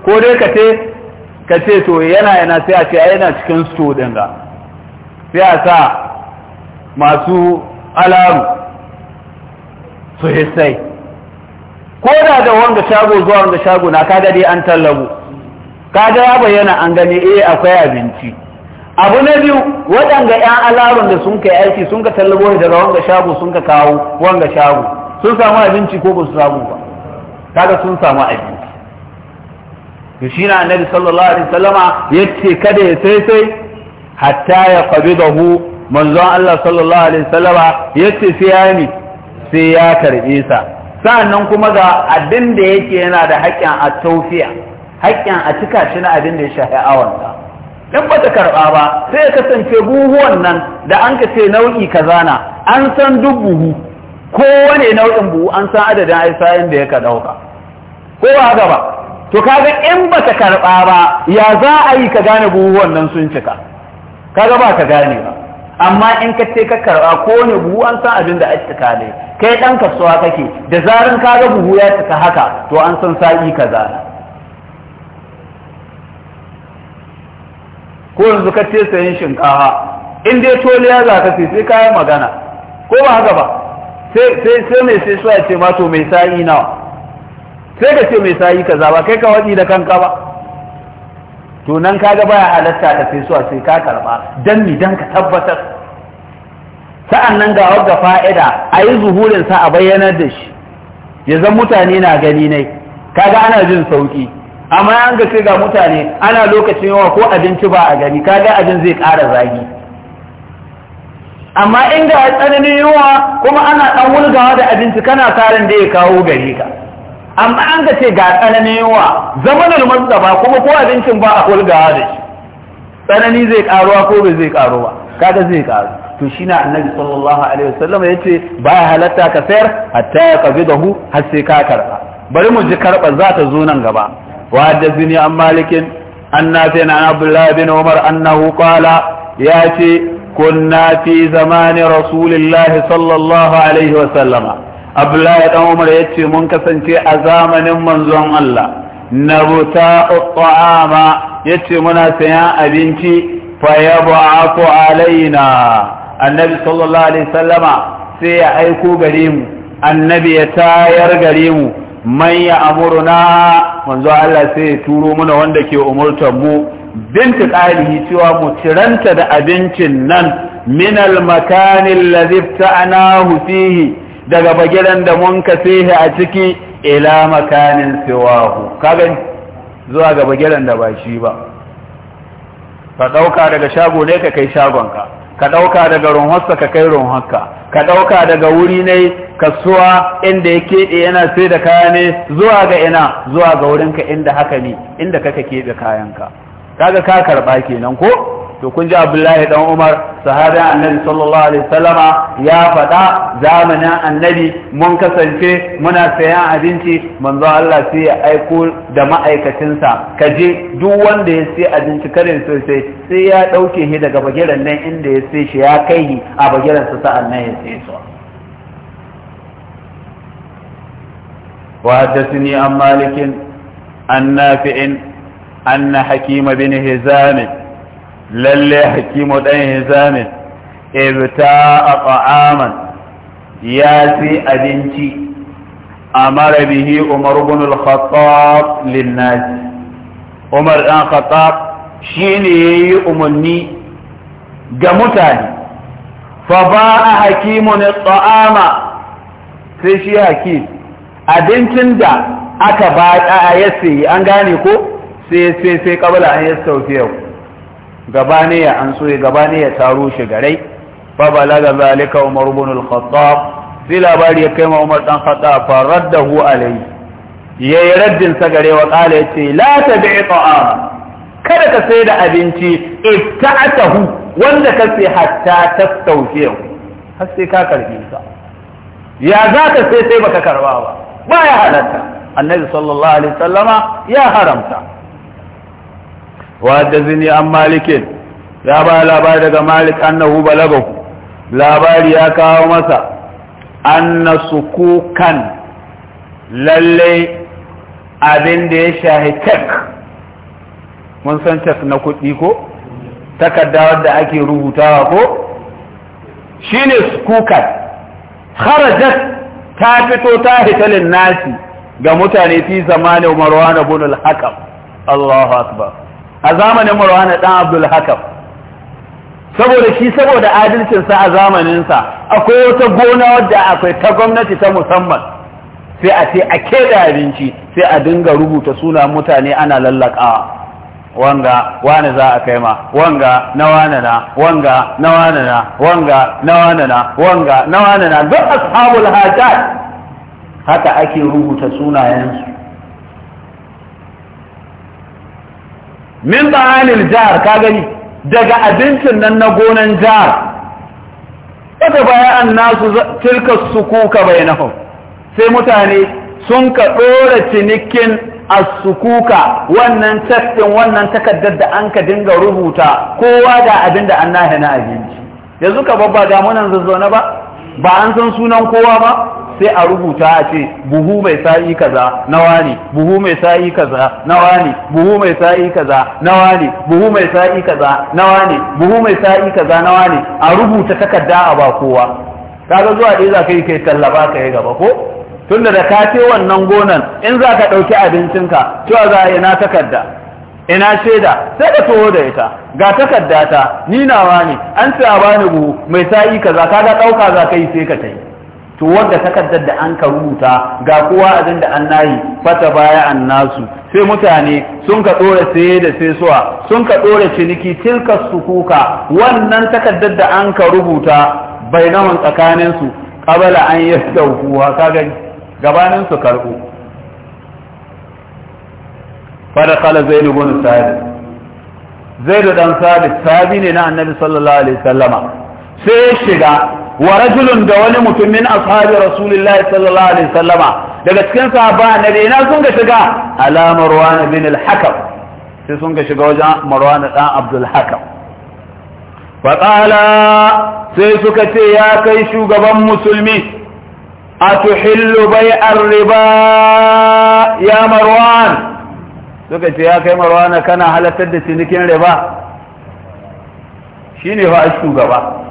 A: ko dai ka ce ka ce to yana yana sai a ce ai yana cikin sto din ga sai a sa masu alamu su hissai ko da da wanga shago zuwa wanga shago na kaga dai an tallabo kaga ya bayyana an gani eh akwai abinci abu na biyu waɗanda ƴan alarun da sun kai aiki sun ka tallabo daga wanga shago sun ka kawo wanga shago sun samu abinci ko ba su samu ba kaga sun samu abinci to shi na annabi sallallahu alaihi wasallama yace kada ya sai sai hatta ya qabidahu manzon Allah sallallahu alaihi wasallama yace sai ya ni sai ya karbe sa sa'annan kuma ga abin da yake yana da haƙƙin a tawfiya haƙƙin a cika shi na abin da ya shahi awanta in ba ta karɓa ba sai ya kasance buhuwan nan da an ka ce nau'i kaza na an san duk buhu kowane nau'in buhu an san adadin aisayen da ya ka ɗauka ko ba haka ba to kaga in ba ta karɓa ba ya za a yi ka gane buhuwan nan sun cika kaga ba ka gane ba amma in ka ce ka karɓa ko buhu an san abin da aka cika ne kai ɗan kasuwa kake da zarin ka ga buhu ya cika haka to an san sa'i kaza ko yanzu ka ce sayin shinkafa in dai ya za ka sai kayan magana ko ba haka ba sai sai mai sai suwa ce ma to mai sa'i nawa sai ka ce mai sa'i kaza ba kai ka waɗi da kanka ba to nan kaga baya halatta ka sai suwa sai ka karba dan ni dan ka tabbatar sa'an nan ga wadda fa'ida a yi zuhurinsa a bayyanar da shi ya zan mutane na gani nai kaga ana jin sauki amma an ga sai ga mutane ana lokacin yawa ko abinci ba a gari kaga abin zai ƙara zagi amma inda a tsananin yawa kuma ana ɗan wulgawa da abinci kana karin da ya kawo gari ka amma an ga ce ga tsananin yawa zamanin ba kuma ko abincin ba a wulgawa da shi tsanani zai ƙaruwa ko bai zai ba kaga zai ƙaru to shi na annabi sallallahu alaihi wasallam ya ce ba ya halatta ka sayar hatta ya kabi da hu har sai ka karɓa bari mu ji karɓa za ta zo nan gaba وحدثني عن مالك عن نافع عن عبد الله بن عمر أنه قال ياتي كنا في زمان رسول الله صلى الله عليه وسلم عبد الله بن عمر ياتي منكسن في أزامن منزوم الله نبتاء الطعام ياتي منا سيان أبنتي فيبعث علينا النبي صلى الله عليه وسلم sai ya aiko gare mu annabi ya tayar gare mu man ya amuruna manzo Allah sai ya turo muna wanda ke umurtar mu binta ƙarihi cewa mu ciranta da abincin nan minal makanin lazifta ana fihi daga bagiran da mun ka fihi a ciki ila makanin siwahu kaga zuwa ga bagiran da ba shi ba ka ɗauka daga shago ne ka kai shagon ka. ka ɗauka daga runhonsa ka kai runhonka ka ɗauka daga wuri ne kasuwa inda ya keɓe yana sai da kaya ne zuwa ga ina zuwa ga wurinka inda haka ne inda kaka keɓe kayanka kaga ka karɓa kenan ko to kun ji abdullahi dan umar sahabin annabi sallallahu alaihi wasallama ya faɗa zamanin annabi mun kasance muna sayan abinci manzo Allah sai ya aiko da ma'aikacinsa ka je duk wanda ya sai abinci karin sosai sai ya ɗauke shi daga bagiran nan inda ya sai shi ya kai shi a bagiran sa sa'an nan ya sai su وحدثني عن مالك عن نافع أن حكيم بن هزام lalle hakimu ɗan hizamin ibta a ta'aman ya ci abinci a mara bihi umar ibn al-khattab lin-nas umar dan khattab ya yi umarni ga mutane fa ba a Hakimu at-ta'ama sai shi hakim abincin da aka ba a ya sayi an gane ko sai sai sai kabala an yau. gabane ya an so ya gabane ya taro shi garai fa balaga zalika umar ibn al-khattab sai labari ya kai ma umar dan khattab fa raddahu alai yayi raddin sa gare wa qala yace la tabi'i ta'ama kada ka sai da abinci ibta'atahu wanda ka sai hatta tastawfiyahu har sai ka karbi sa ya za ka sai sai baka karba ba ba ya halatta annabi sallallahu alaihi wasallama ya haramta wadazini an Malikin ya ba labari daga مالك balaga بلغه labari ya kawo masa anna sukukan lalle abin da ya shahi tek mun san tek na kuɗi ko takarda wadda ake rubutawa ko shine sukukan
B: kharajat
A: ta fito ta hitalin nasi ga mutane fi zamanin marwan ibn al-hakam Allahu akbar a zamanin marwana ɗan abdul hakam saboda shi saboda adalcinsa a zamaninsa akwai wata gona wadda akwai ta gwamnati ta musamman sai a ce a keda abinci sai a dinga rubuta suna mutane ana lallakawa wanga wane za a kai ma wanga na wane na wanga na wane na wanga na wane na wanga na wane na duk ashabul hajat haka ake rubuta sunayensu min ta'anil jihar ka gani daga abincin nan na gonan jihar wata bayan nasu tilka sukuka bainahum sai mutane sun ka dora cinikin as-sukuka wannan ɗin, wannan takardar da an ka dinga rubuta kowa da abinda da na abinci yanzu ka babba ga munan zazzauna ba ba an san sunan kowa ba sai a rubuta a ce buhu mai sa'i kaza na wani buhu mai sa'i kaza na wani buhu mai sa'i kaza na wani buhu mai sa'i kaza na wani buhu mai sa'i kaza na wani a rubuta takarda a ba kowa kaga zuwa ɗaya za ka yi kai tallaba ka yi gaba ko tunda da ka ce wannan gonan in za ka ɗauki abincinka cewa za a yi na takarda ina shaida sai ka toho da ita ga takarda ta ni nawa ne an ce a bani buhu mai sa'i kaza kaga ɗauka za ka yi sai ka tai to wanda takardar da an ka rubuta ga kowa abin da an nayi fata baya an nasu sai mutane sun ka dora saye da sai suwa sun ka dora ciniki tilka sukuka wannan takardar da an ka rubuta bainawan tsakanin su qabala an yastawfu ka gani gabanin su karbu fara kala zaid bin sa'id zaidu dan sa'id sahabi ne na annabi sallallahu alaihi wasallama sai shiga wa da wani mutum min ashabi rasulillahi sallallahu alaihi wasallama daga cikin sahaba annabi ina sun ga shiga ala marwan bin al sai sun ga shiga wajen marwan dan abdul hakam fa sai suka ce ya kai shugaban musulmi atuhillu bai'ar riba ya marwan suka ce ya kai kana halartar da cinikin riba shine fa shugaba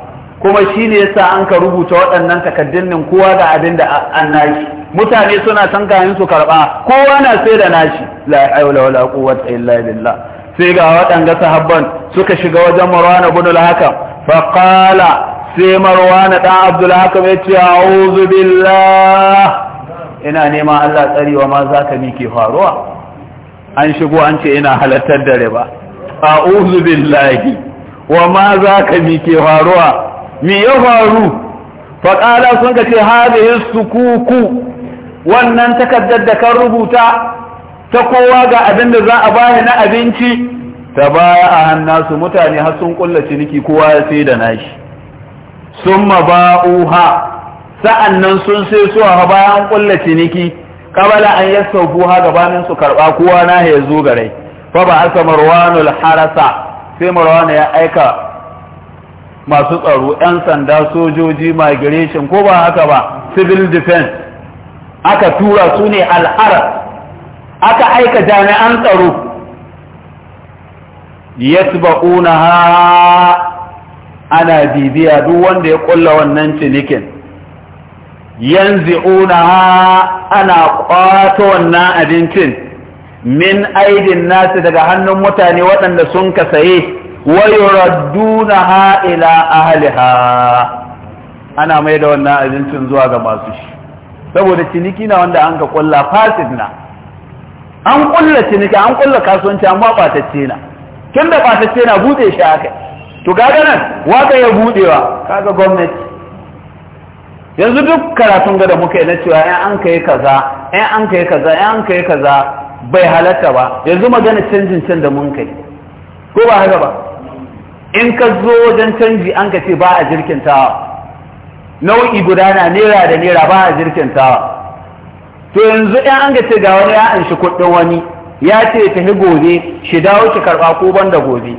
A: kuma shi ne ya sa an ka rubuta waɗannan takaddun nan kowa da abin da an nashi mutane suna san kayan su karɓa kowa na sai da nashi la haula wala quwwata illa billah sai ga waɗanga sahabban suka shiga wajen marwana ibn al-Hakam fa qala sai marwana dan Abdul Hakam ce a'udhu billah ina neman Allah tsari wa ma zaka mi ke faruwa an shigo an ce ina halattar da riba a'udhu billahi wa ma zaka mi ke faruwa mi ya faru faƙala sun ka ce su kuku? wannan takaddar da kan rubuta ta kowa ga abin da za a bayar na abinci ta baya a hannasu mutane har sun kulla ciniki kowa ya sai da nashi sun ba'uha sa'annan sun sai su ha bayan kulla ciniki kabala an yasauku ha gabanin su karba kowa na ya zo gare fa ba asa marwanul harasa sai marwana ya aika masu tsaro 'yan sanda sojoji migration ko ba haka ba civil defense aka tura su ne al'ara aka aika jami'an tsaro ha, ana bibiya duk wanda ya kulla wannan cinikin ha, ana kwato wannan abincin min aidin nasu daga hannun mutane waɗanda sun ka saye wa ha ila ahliha ana mai da wannan abincin zuwa ga masu shi saboda ciniki na wanda an ka kulla fasid na an kulla ciniki an kulla kasuwanci amma batacce na kin da batacce na bude shi aka to kaga nan waka ya budewa kaga gwamnati yanzu duk karatun gada muka yi na cewa yan an kai kaza yan an kai kaza yan an kai kaza bai halatta ba yanzu magana canjin can da mun kai ko ba haka ba in ka zo wajen canji an ka ce ba a jirkinta nau'i guda na naira da naira ba a jirkinta to yanzu in an ga ce ga wani ya anshi kuɗin wani ya ce tafi gobe shi dawo ki karɓa ko ban da gobe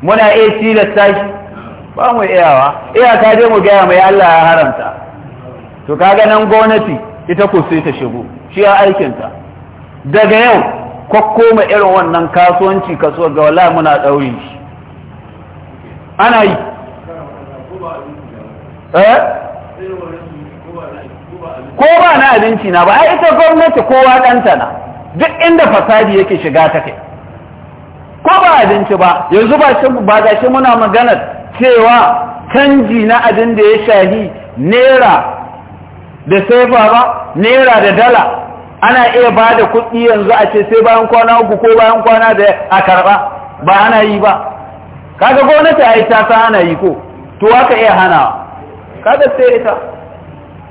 A: muna iya tilasta shi ba mu iyawa ka je mu gaya mai Allah ya haramta to kaga nan gwamnati ita ko sai ta shigo shi ya aikinta daga yau kwakkoma irin wannan kasuwanci kasuwar ga wallahi muna ɗauri shi ana yi eh?
B: ko ba na abinci
A: na ba a ita gwamnati kowa ɗanta na duk inda fasadi yake shiga ta kai ko ba abinci ba yanzu ba shi ba ga shi muna maganar cewa canji na abin da ya shahi naira da saifa ba naira da dala ana iya ba da kuɗi yanzu a ce sai bayan kwana uku ko bayan kwana da a karɓa ba ana yi ba kaga gwamnati ai ta san ana yi ko to aka iya hana kaga sai ita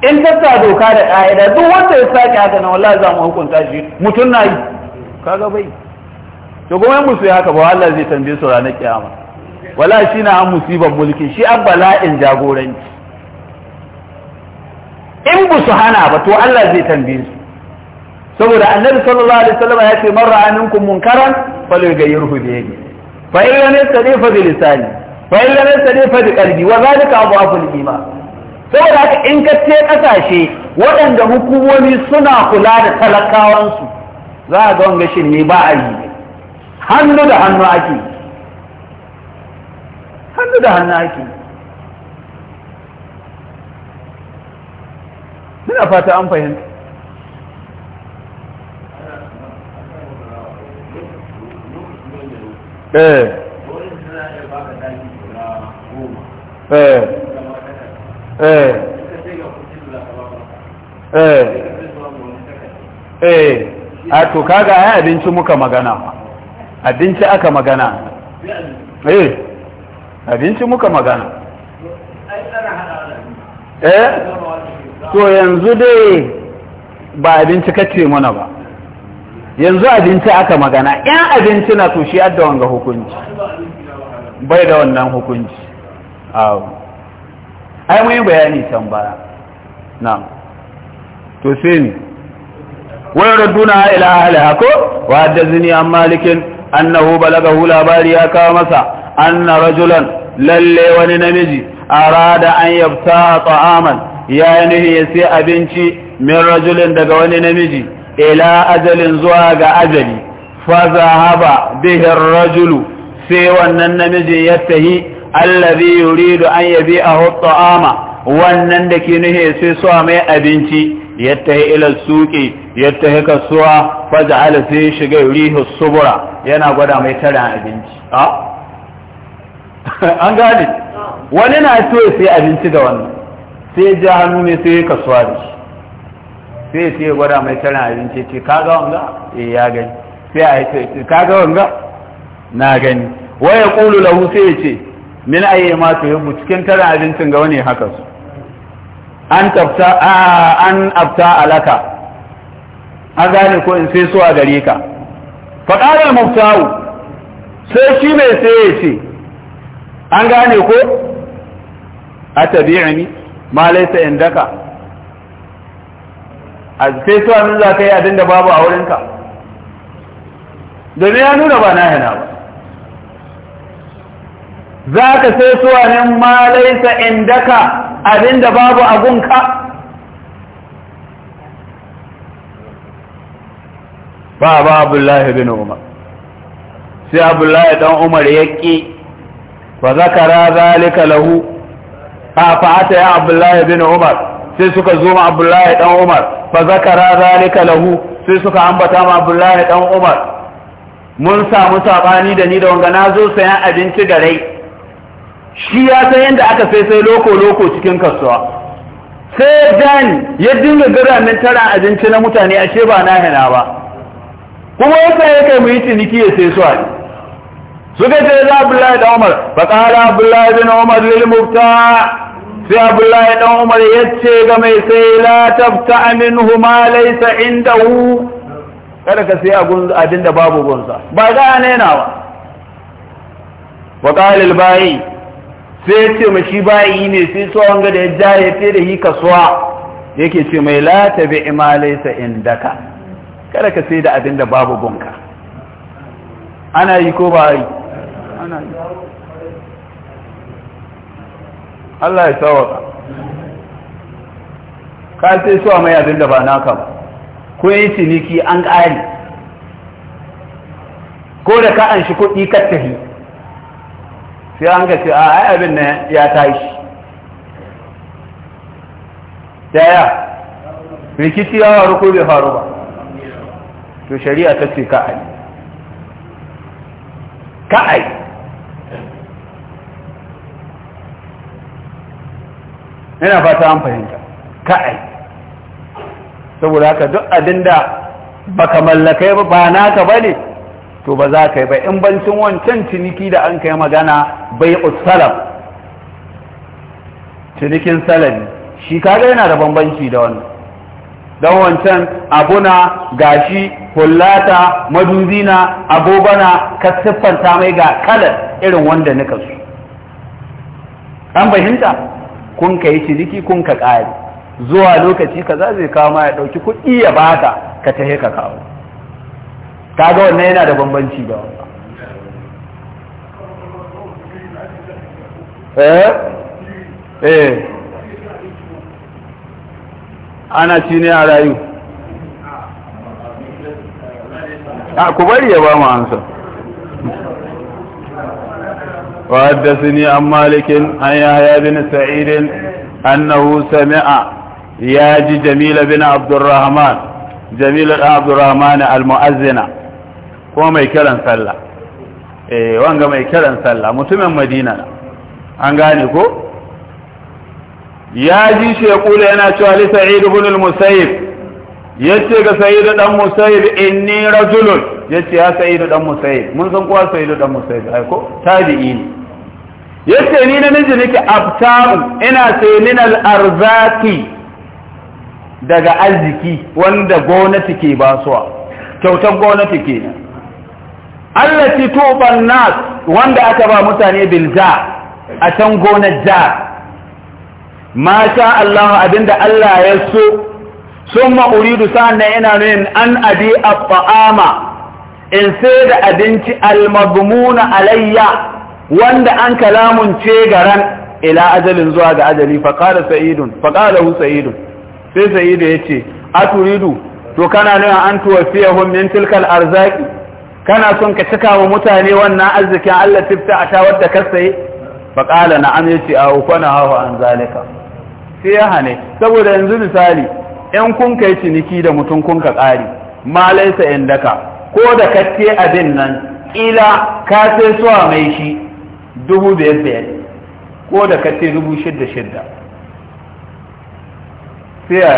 A: in ta sa doka da ƙa'ida duk wanda ya saki haka na wallahi za mu hukunta shi mutum na yi kaga bai to kuma in musu haka ba Allah zai tambaye su ranar kiyama wallahi shi na an musibar mulki shi an bala'in jagoranci in musu su hana ba to Allah zai tambaye su saboda annabi sallallahu alaihi wasallam ya ce man ra'a minkum munkaran falyughayyirhu bi yadihi fa in lam yastadi fa bi lisani fa in lam fa bi qalbi wa zalika adhafu al-iman saboda haka in ka ce kasashe waɗanda hukumomi suna kula da talakawansu za a ga wanga ne ba a yi hannu da hannu ake hannu da hannu ake ina fata an fahimta
B: eh eh eh eh
A: eh a to kaga ai abinci muka magana abinci aka magana eh abinci muka magana
B: eh to
A: yanzu dai ba abinci kace mana ba yanzu abinci aka magana yan abinci na tushe shi adda wanga hukunci bai da wannan hukunci awo ai mun yi bayani can baya na to sai ni
B: wa raduna ila
A: ahliha ko wa haddazini an malikin annahu balagahu labari ya kawo masa anna rajulan lalle wani namiji arada an yabta ta'aman ya nihi ya sai abinci min rajulin daga wani namiji ila ajalin zuwa ga ajali fa zahaba bihi rajulu sai wannan namiji ya tahi allazi yuridu an yabi a ta'ama wannan da ke nuhe sai suwa mai abinci ya tahi ila suƙi ya tahi kasuwa fa ja'ala sai shiga yurihu subura yana gwada mai tara abinci an gane wani na so sai abinci da wannan sai ja hannu ne sai kasuwa da shi sai sai gwada mai tarin abinci ce ka ga wanga eh ya gani sai a yi ce ka ga wanga na gani waya kulu lahu sai ce min ayi ma to yabu cikin tarin abincin ga wani haka su an tafta an abta alaka an gane ko in sai so a gare ka qala muftau sai shi mai sai ya ce an gane ko a ma laysa indaka a sai su nun za ka yi abin da babu a wurinka domin ya nuna ba na hana ba za ka sai suwa nan ma laisa indaka abin da babu a gunka ba ba abdullahi bin umar sai abdullahi dan umar ya ƙi fa zakara zalika lahu a fa'ata ya abdullahi bin umar sai suka zo ma abdullahi dan umar fa zakara zalika lahu sai suka ambata ma abdullahi dan umar mun samu sabani da ni da wanga na zo sayan abinci da rai shi ya san yanda aka sai sai loko loko cikin kasuwa sai dan ya dinga gura min tara abinci na mutane ashe ba na hana ba kuma yasa ya kai mu yi ciniki ya sai su suka ce za Abdullahi da Umar fa qala Abdullahi bin Umar lil mubta sai abdullahi ɗan umar ya ce ga mai sai la tafta huma laisa inda hu?" kada ka sai abin da babu gunsa ba za ne nawa ba qala bayi sai ya ce mashi bayi ne sai tsohon gada ya ja ya ce da yi kasuwa yake ce mai la ima laisa inda ka. kada ka sai da abin da babu gunka ana yi ko ba yi
B: ana yi
A: Allah ya sawaka ka sai a mai abin da ba naka ba ko yi ciniki an ƙari ko da ka an shi kuɗi ka tafi sai an ga ce a ai abin na ya tashi yaya rikici ya faru ko bai faru ba to shari'a ta ce ka'ai. Ka'ai. yana fata an fahimta ka'ai saboda haka duk abin baka mallakai ba ba naka bane to ba za ka yi ba in bancin wancan ciniki da an kai magana bai salaf cinikin salami shi kaga yana da bambanci da wannan don wancan abuna gashi hullata maduzina abobana ka siffanta mai ga kalar irin wanda nika su an fahimta kun ka yi ciniki kun ka ƙari zuwa lokaci kaza zai kawo ma ya ɗauki kuɗi ya baka ka ta ka kawo Ta ga wannan yana da bambanci ga wanda eh eh ana ci ne a rayu a ah, ku bari ya ba mu ansa وحدثني عن مالك عن يحيى بن سعيد انه سمع ياجي جميل بن عبد الرحمن جميل بن عبد الرحمن المؤذن هو ما يكلم صلى ايه وانا ما يكلم صلى متم مدينه ان غاني كو ياجي شي يقول انا سعيد بن المسيب يتي سعيد بن المسيب اني رجل yace ya sa'idu dan musayi mun san kowa sa'idu dan musayyib ai ko tabi'i ne yace ni namiji nake abtamu ina sai min al arzaki daga arziki wanda gwamnati ke basuwa kyautar gwamnati Allah ti tuban nas wanda aka ba mutane bilja a can gonar ja ma sha Allah abinda Allah ya so sun ma'uridu sa'an yana nuna an abi a fa'ama in sai da abinci almagmuna alayya wanda an kalamun ce garan ila ajalin zuwa ga ajali faqala sa'idun hu sa'idun sai sa'idu yace aturidu to kana nuna an tuwafiyahum min tilkal arzaki kana son ka cika wa mutane wannan arzikin Allah tifta a tawar da kasaye na an yace a hukuna hawa an zalika sai ya hane saboda yanzu misali in kun kai ciniki da mutum kun ka kare ma laysa daka. ko da kace abin nan ila ka sai suwa mai shi dubu biyar biyar ko da kace dubu shidda shidda sai a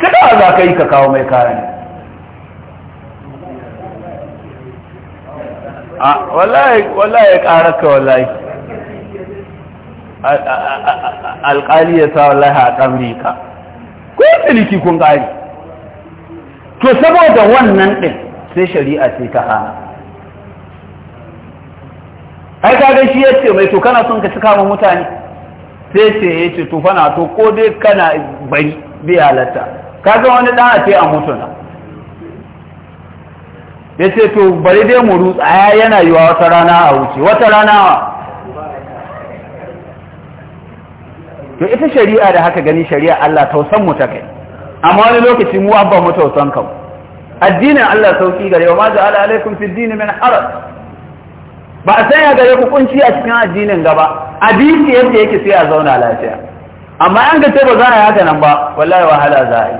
A: kada za ka yi ka kawo mai kayan
B: ne wallahi karaka wallahi
A: alƙali ya sa wallahi a ƙamri rika ko yi tsiliki kun ƙari to saboda wannan ɗin sai shari'a ce ta hana ai kaga shi ya ce mai to kana son ka ci kama mutane sai ce ya eh, ce to fana to ko dai kana bari bi Ka kaga wani ɗan a ce a mutuna ya ce to bari dai mu rutsa ya yana yiwa wata rana a wuce wata rana wa? to ita shari'a da haka gani shari'a Allah tausan mu ta kai amma wani lokaci mu abba mu tausan kan addinin Allah sauki gare wa ma ja'ala alaikum fid din min haraj ba a sanya gare ku kunci a cikin addinin gaba addini yadda yake sai a zauna lafiya amma an ga ba za a yi haka nan ba wallahi wahala za a yi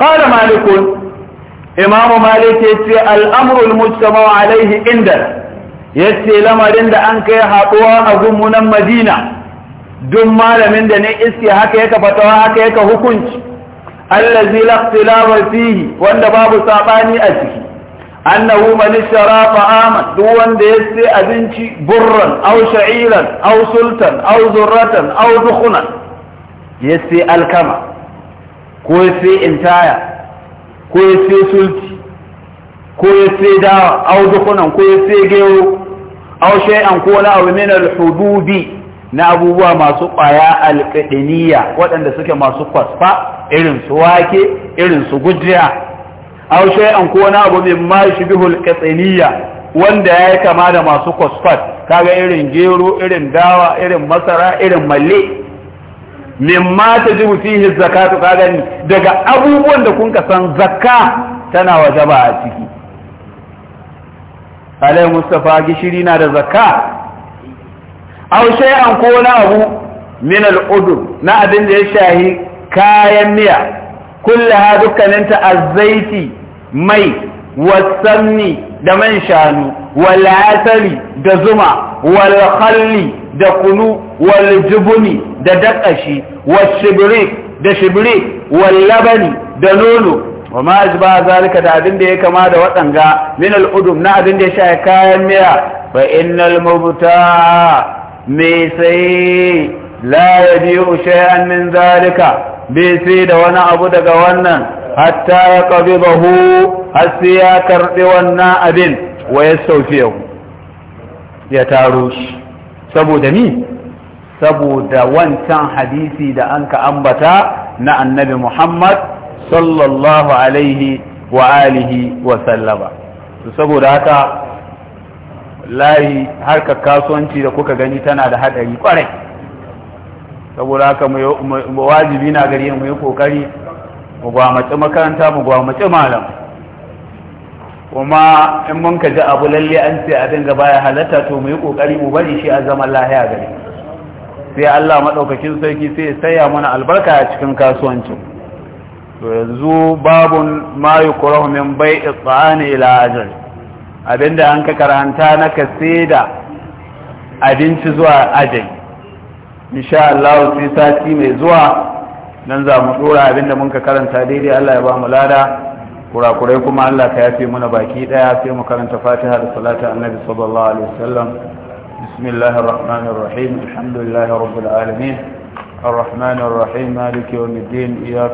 A: qala malikun imam malik yace al-amru al-mujtama'u alayhi inda yace lamarin da an kai haɗuwa a gumunan madina duk malamin da ne iske haka yaka fatawa haka yaka hukunci allazi la ikhtilafa fihi wanda babu sabani a ciki annahu man ishtara fa'ama duk wanda ya sai abinci burran aw sha'iran aw sultan aw zurratan aw dukhuna ya sai alkama ko ya sai intaya ko ya sai sulti ko ya sai dawa aw dukhuna ko ya sai gero aw shay'an ko la aw min al-hududi na abubuwa masu ƙwaya alƙadiniya waɗanda suke masu kwasfa irin su wake irin su gujiya aw an ko wani abu min ma shibihul qatiniya wanda yayi kama da masu kwasfat kaga irin gero irin dawa irin masara irin malle Min ta tajibu fihi zakatu kaga ni daga abubuwan da kun san zakka tana wajaba a ciki alai Mustapha gishiri na da zakka aw shay'an ko wani abu min al na abin da ya shahi kayan miya kullaha dukkaninta azzaiti mai wasanni da man shanu wal asali da zuma wal khalli da kunu wal jubuni da dakashi wal shibri da shibri wal labani da nono wa ma ajba zalika da abin da ya kama da waɗanga min al udum na abin da ya sha kayan miya fa innal mubta mai la ya biyu shay'an min zalika bai sai da wani abu daga wannan hatta ya ƙabi bahu har ya karɓi wannan abin wa ya sauke ya taro shi saboda ni saboda wancan hadisi da an ka ambata na annabi muhammad sallallahu alaihi wa alihi wa sallaba. saboda haka layi harkar kasuwanci da kuka gani tana da haɗari kwarai saboda haka mu wajibi na gari mu yi kokari mu gwamaci makaranta mu gwamaci malam kuma in mun ka ji abu lalle an ce a dinga baya halatta to mu yi kokari mu bari shi a zaman lahiya gari sai Allah madaukakin sarki sai ya saya mana albarka a cikin kasuwancin to yanzu babun ma yukrahu min bai'i tsani ila ajali abinda an ka karanta na ka da abinci zuwa ajai insha Allah sai sati mai zuwa nan za mu dora abinda mun ka karanta daidai Allah ya ba mu lada kurakurai kuma Allah ka yafe muna baki daya sai mu karanta Fatiha da salatu Annabi sallallahu alaihi wasallam
B: bismillahir rahmanir rahim alhamdulillahi rabbil alamin الرحمن الرحيم مالك يوم الدين إياك